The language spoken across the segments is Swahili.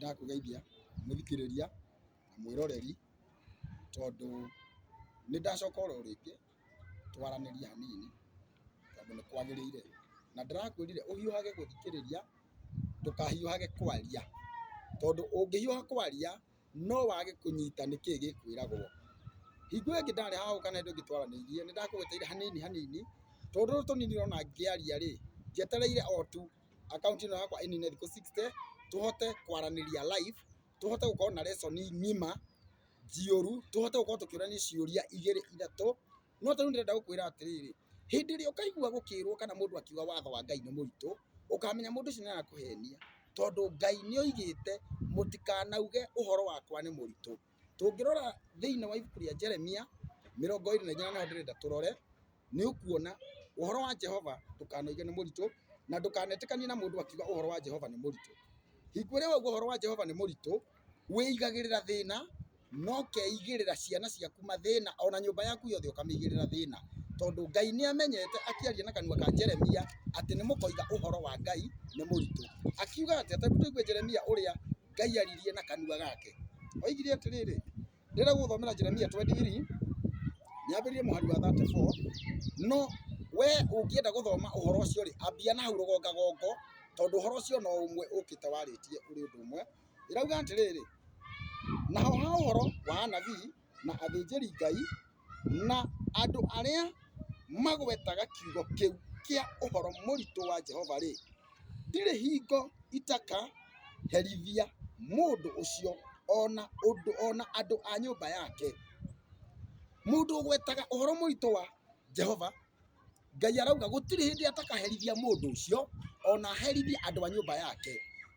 ndakugeithia mwithikiriria na mwiroreri tondu ni ndacoka oro ringi twaraniria hanini tondu ni kwagirire na ndirakwirire uhiuhage guthikiriria ndukahiuhage kwaria tondu ungihiuha kwaria no wage kunyita niki gikwiragwo hingo ingi ndari hau kana hingo ingi twaranĩirie nĩ hanini hanini tondũ tũnini ũrona ngiaria ri njetereire o tu akaunti ino yakwa inine thiku 60 tuhote kwaraniria live tuhote gukorwo na lesson ngima jioru tuhote gukorwo tukiurani ciuria igiri ithatu no tarĩu ndĩrenda gũkwĩra atĩrĩrĩ hĩndĩ ĩrĩa ũkaigua gũkĩrwo kana mũndũ akiuga watho wa ngai nĩ mũritũ ũkamenya mũndũ ũcio nĩarakũhenia tondũ ngai nĩoigĩte mũtikanauge ũhoro wakwa nĩ mũritũ tũngĩrora thĩinĩ wa ibuku rĩa jeremia mĩrongo ĩrĩ na inya naho ndĩrenda tũrore nĩ ũkuona ũhoro wa jehova ndũkanauge nĩ mũritũ na ndukanetikanie na mundu akiuga uhoro wa Jehova ni muritu hingo ria wauga uhoro wa Jehova ni muritu wiigagirira thina no keigirira ciana ciaku mathina ona nyumba yaku yothe ukamiigirira thina tondu ngai ni amenyete akiaria na kanua ka Jeremia ati ni mukoiga uhoro wa ngai ni muritu akiuga ati atatutugwe Jeremia uria ngai aririe na kanua gake oigire atiriri ndira guthomera Jeremia 23 nyambiririe muhari wa 34 no we ungienda guthoma uhoro ucio ri ambia na hau rugonga gongo tondu uhoro ucio no umwe ukite waritie uri undu umwe irauga atiriri naho ha uhoro wa nabi na athinjĩri Ngai na andũ aria magwetaga kiugo kiu kia uhoro mũritũ wa Jehova ri ndirĩ hingo itakaherithia mũndũ ucio ona undu ona andũ a nyũmba yake mũndũ ugwetaga uhoro mũritũ wa Jehova ngai arauga gutiri hindi atakaherithia mundu ucio ona aherithie andu a nyumba yake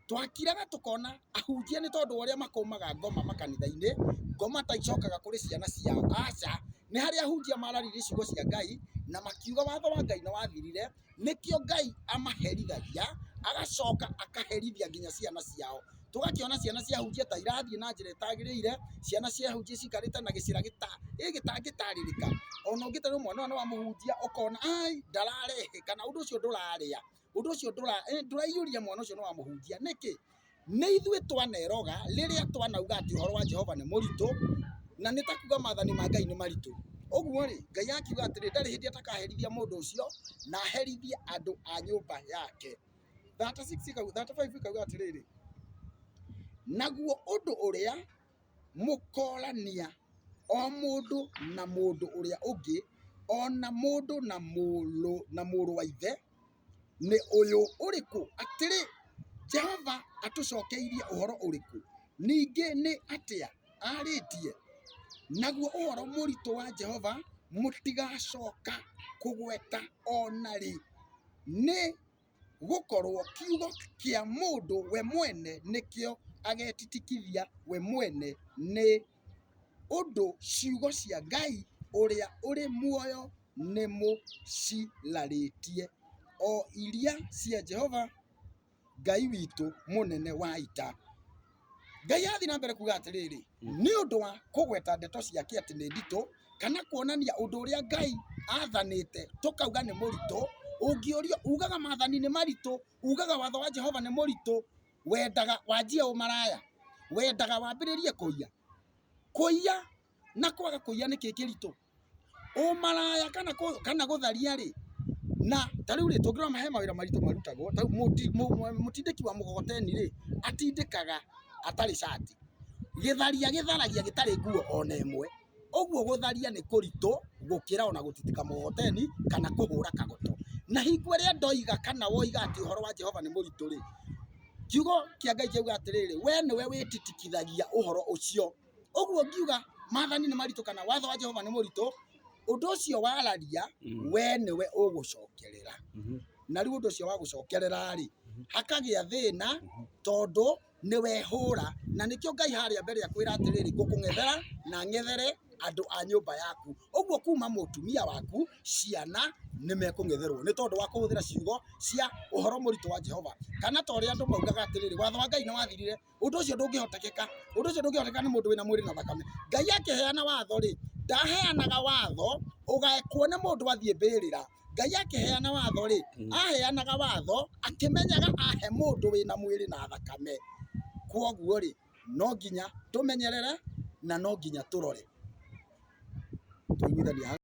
twakiraga tukona ahunjia ni tondu uria makumaga ngoma makanitha-ini ngoma ta icokaga kuri ciana ciao aca ni haria ahunjia mararire ciugo cia ngai na makiuga watho wa ngai ni wathirire nikio ngai amaherithagia agacoka akaherithia nginya ciana ciao tugakiona ciana cia hunjia ta irathiĩ na njĩra ĩtagĩrĩire ciana cia hunjia cikarĩte na gĩcira gĩtangĩtarĩrĩka ona ũngĩtarwo mwana nĩ wa mũhunjia ũkona ai ndararehe kana ũndũ ũcio ndũrarĩa ũndũ ũcio ndũraiyũria mwana ũcio nĩ wa mũhunjia nĩkĩ nĩ ithuĩ twaneroga rĩrĩa twanauga atĩ horo wa jehova nĩ mũritũ na nĩ takuga mathani ma ngai nĩ maritũ ũguo rĩ ngai akiuga atĩrĩ ndarĩ hĩndĩ atakaherithia mũndũ ũcio na aherithie andũ a nyũmba yake 35 ikauga atĩrĩrĩ naguo undu uria mukorania o mundu na mundu uria ungi ona mundu na mulu na mulu wa ithe ni uyu uriku atiri jehova atucokeirie uhoro uriku ningi ni atia aritie naguo uhoro muritu wa jehova mutigacoka kugweta onari ni gukorwo kiugo kia mundu we mwene nikio agetitikithia we mwene ni undu ciugo cia Ngai uria uri muoyo nĩ mũcirarĩtie, o iria cia Jehova Ngai witu munene wa ita. Ngai athi na mbere kuuga atĩrĩrĩ hmm. ni undu wa kugweta ndeto ciake atĩ ni nditũ kana kuonania undu uria Ngai athanite tukauga ni murito ũngĩũrio ugaga mathani ni marito ugaga watho wa Jehova ni murito wendaga wanjia umaraya wendaga wambiririe kuiya kuiya na kwaga kuiya niki kirito umaraya kana kana gutharia ri na ta riu ri tungirwa mahe mawira maritu marutagwo ta mutindiki wa mugogoteni ri atindikaga atari cati githaria githaragia gitari nguo ona imwe oguo gutharia ni kurito gukira ona gutitika mugogoteni kana kuhura kagoto na hingo ria ndoiga kana woiga ati uhoro wa Jehova ni muritu ri kiugo kia ngai kiauga atiriri we niwe wititikithagia uhoro ucio uguo ngiuga mathani ni maritu kana watho wa jehova ni muritu undu ucio wararia mm-hmm. we niwe ugucokerera mm-hmm. na riu undu ucio wa gucokerera ri mm-hmm. hakagia thina tondu ni wehura na nikio ngai haria mbere akwira atiriri ngukungethera na ngethere andu a nyumba yaku uguo kuma mutumia waku ciana ni mekungetherwo ni tondu wa kuhuthira ciugo cia uhoro muritu wa Jehova kana ta uria andu maugaga atiriri watho wa Ngai ni wathirire undu ucio ndungihotekeka undu ucio ndungihotekeka ni mundu wina mwiri na thakame Ngai akiheana watho ri ndaheanaga watho ugaekwo ni mundu athie ra Ngai akiheana watho ri hmm. aheanaga watho akimenyaga ahe mundu wina mwiri na thakame kwoguo ri no nginya tumenyerere na no nginya turore tuiguithania